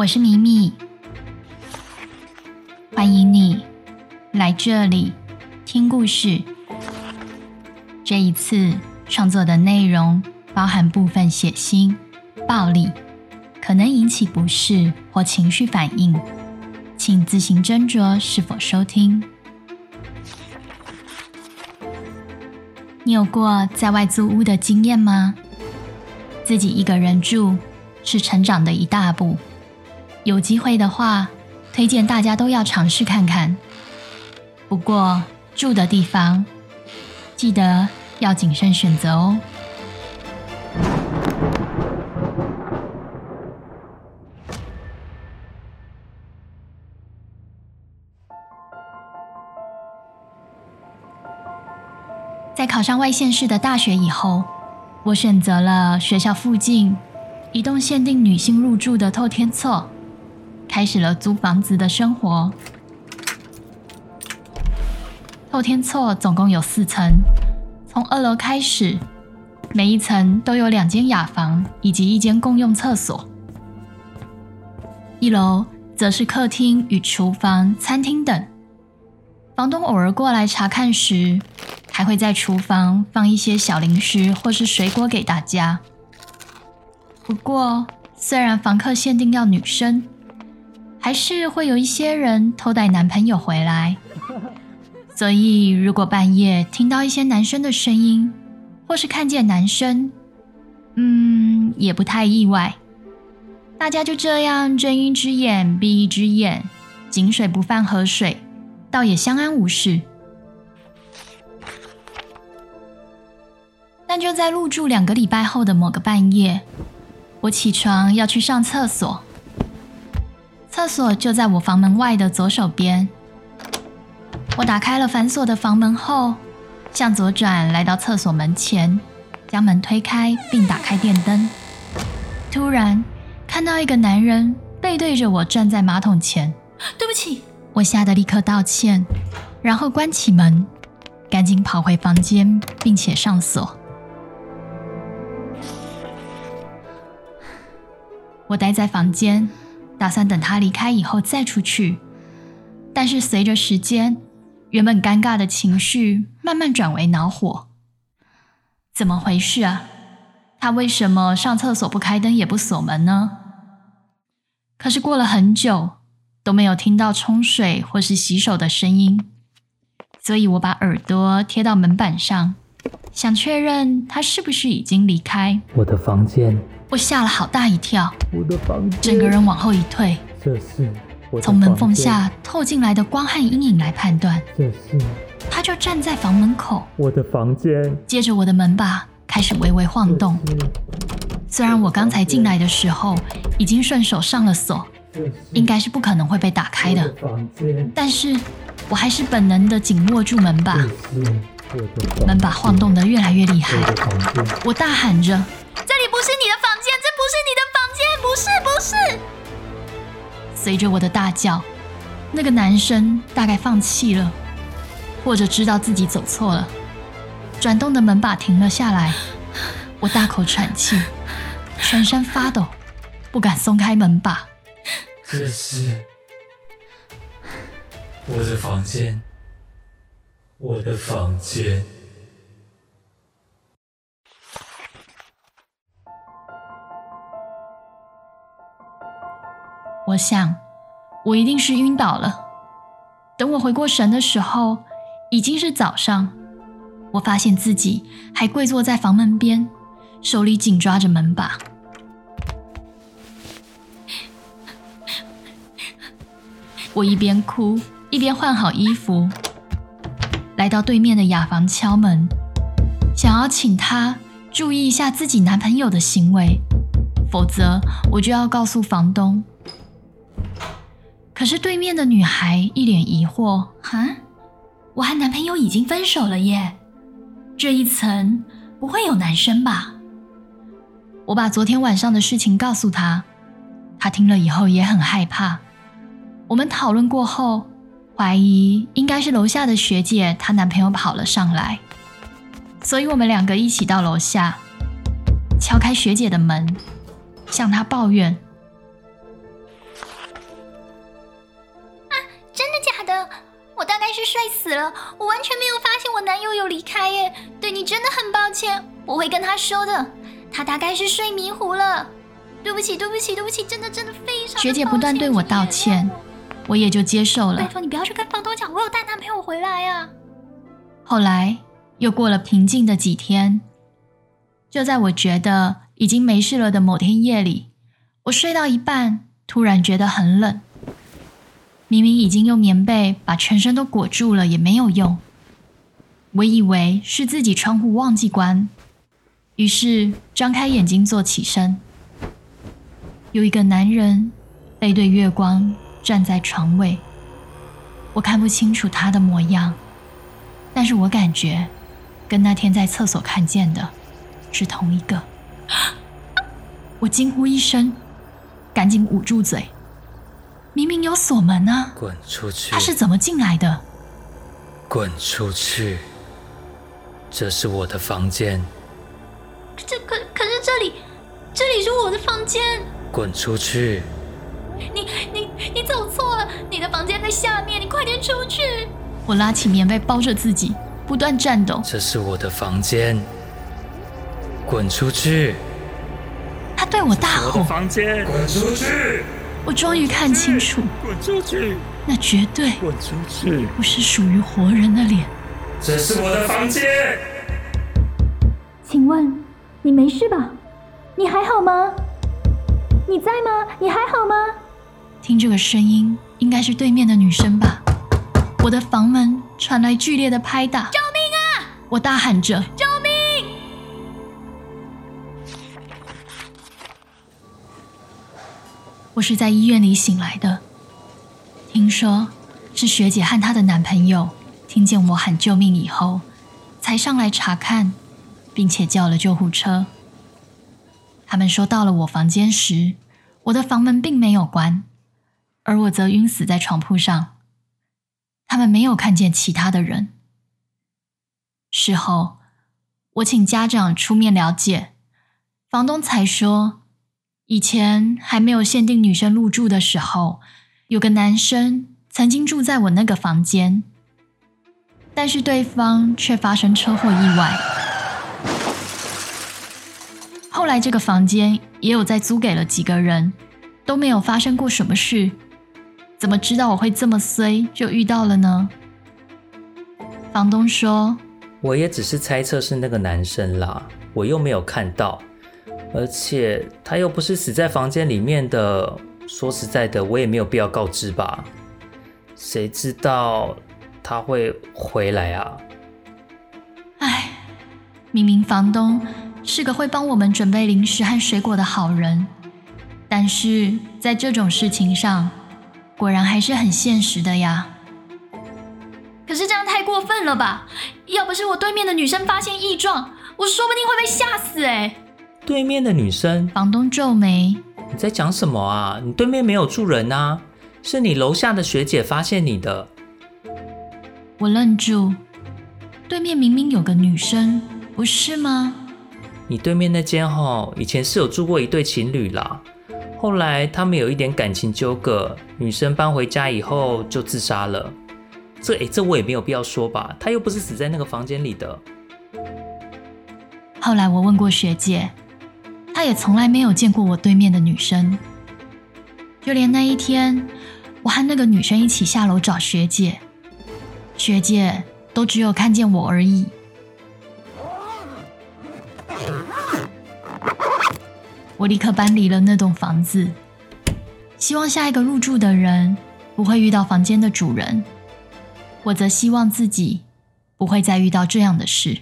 我是咪咪，歡迎你來這裡聽故事。這一次創作的內容包含部分血腥、暴力，可能引起不適或情緒反應，請自行斟酌是否收聽。你有過在外租屋的經驗嗎？自己一個人住，是成長的一大步。有機會的話，推薦大家都要嘗試看看。不過住的地方，記得要謹慎選擇哦。在考上外縣市的大學以後，我選擇了學校附近一棟限定女性入住的透天厝。開始了租房子的生活。透天厝總共有四層，從二樓開始，每一層都有兩間雅房以及一間共用廁所。一樓則是客廳與廚房、餐廳等。房東偶爾過來查看時，還會在廚房放一些小零食或是水果給大家。不過，雖然房客限定要女生。還是會有一些人偷帶男朋友回來，所以如果半夜聽到一些男生的聲音，或是看見男生，嗯，也不太意外。大家就這樣睜一隻眼閉一隻眼，井水不犯河水，倒也相安無事。但就在入住兩個禮拜後的某個半夜，我起床要去上廁所。廁所就在我房門外的左手邊。我打開了反鎖的房門後，向左轉來到廁所門前，將門推開並打開電燈。突然，看到一個男人背對着我站在馬桶前。對不起！我嚇得立刻道歉，然後關起門，趕緊跑回房間並且上鎖。我待在房間。打算等他離開以後再出去，但是隨着時間，原本尷尬的情緒慢慢轉為惱火。怎麼回事啊？他為什麼上廁所不開燈也不鎖門呢？可是過了很久都沒有聽到沖水或是洗手的聲音，所以我把耳朵貼到門板上，想確認他是不是已經離開我的房間。我嚇了好大一跳，整個人往後一退。這是從門縫下透進來的光和陰影來判斷。這是，他就站在房門口。我的房間。接着，我的門把開始微微晃動。雖然我剛才進來的時候已經順手上了鎖，應該是不可能會被打開的。的但是，我還是本能的緊握住門把。門把晃動得越來越厲害我。我大喊着：“這裡不是你的房。”是你的房間，不是，不是。隨着我的大叫，那個男生大概放棄了，或者知道自己走錯了。轉動的門把停了下來，我大口喘氣，全身發抖，不敢鬆開門把。可是，我的房間，我的房間。我想，我一定是暈倒了，等我回過神的時候，已經是早上。我發現自己還跪坐在房門邊，手裡緊抓着門把。 我一邊哭，一邊換好衣服，來到對面的雅房敲門，想要請她注意一下自己男朋友的行為，否則我就要告訴房東。可是對面的女孩一臉疑惑：“啊，我和男朋友已經分手了耶，這一層不會有男生吧？”我把昨天晚上的事情告訴她，她聽了以後也很害怕。我們討論過後，懷疑應該是樓下的學姐她男朋友跑了上來，所以我們兩個一起到樓下，敲開學姐的門，向她抱怨。睡死了，我完全沒有發現我男友有離開耶。對你真的很抱歉，我會跟他說的。他大概是睡迷糊了。對不起，對不起，對不起，不起，真的真的非常的抱歉。學姐不斷對我道歉，我也就接受了。拜託你不要去跟房東講，我有帶男朋友回來啊。後來又過了平靜的幾天，就在我覺得已經沒事了的某天夜裡，我睡到一半，突然覺得很冷。明明已經用棉被把全身都裹住了，也沒有用。我以為是自己窗戶忘記關，於是張開眼睛坐起身。有一個男人背對月光站在床尾，我看不清楚他的模樣，但是我感覺跟那天在廁所看見的是同一個。我驚呼一聲，趕緊捂住嘴。明明有鎖門呢、啊！滾出去！他是怎麼進來的？滾出去！這是我的房間。這可可，可是這裡，這裡是我的房間。滾出去！你你你走錯了，你的房間在下面，你快點出去！我拉起棉被包着自己，不斷顫抖。這是我的房間。滾出去！他對我大吼：“我的房間，滾出去！”我終於看清楚，那絕對不，不是屬於活人的臉。這是我的房間。請問你沒事吧？你還好嗎？你在嗎？你還好嗎？聽這個聲音，應該是對面的女生吧？我的房門傳來劇烈的拍打，救命啊！我大喊着。救命啊！我是在醫院裡醒來的。聽說是學姐和她的男朋友聽見我喊救命以後，才上來查看，並且叫了救護車。他們說到了我房間時，我的房門並沒有關，而我則暈死在床鋪上。他們沒有看見其他的人。事後，我請家長出面了解，房東才說，以前還沒有限定女生入住的時候，有個男生曾經住在我那個房間，但是對方卻發生車禍意外。後來這個房間也有再租給了幾個人，都沒有發生過什麼事，怎麼知道我會這麼衰就遇到了呢？房東說：“我也只是猜測是那個男生啦，我又沒有看到。”而且他又不是死在房間裡面的，說實在的，我也沒有必要告知吧？誰知道他會回來啊？唉，明明房東是個會幫我們準備零食和水果的好人，但是在這種事情上，果然還是很現實的呀。可是這樣太過分了吧？要不是我對面的女生發現異狀，我說不定會被嚇死哎、欸。對面的女生，房東皺眉：“你在講什麼啊？你對面沒有住人啊？是你樓下的學姐發現你的。”我愣住，對面明明有個女生，不是嗎？你對面那間哦，以前是有住過一對情侶啦，後來他們有一點感情糾葛，女生搬回家以後就自殺了。這誒，這我也沒有必要說吧？她又不是死在那個房間裡的。後來我問過學姐。他也從來沒有見過我對面的女生，就連那一天，我和那個女生一起下樓找學姐，學姐都只有看見我而已。我立刻搬離了那棟房子，希望下一個入住的人不會遇到房間的主人，我則希望自己不會再遇到這樣的事。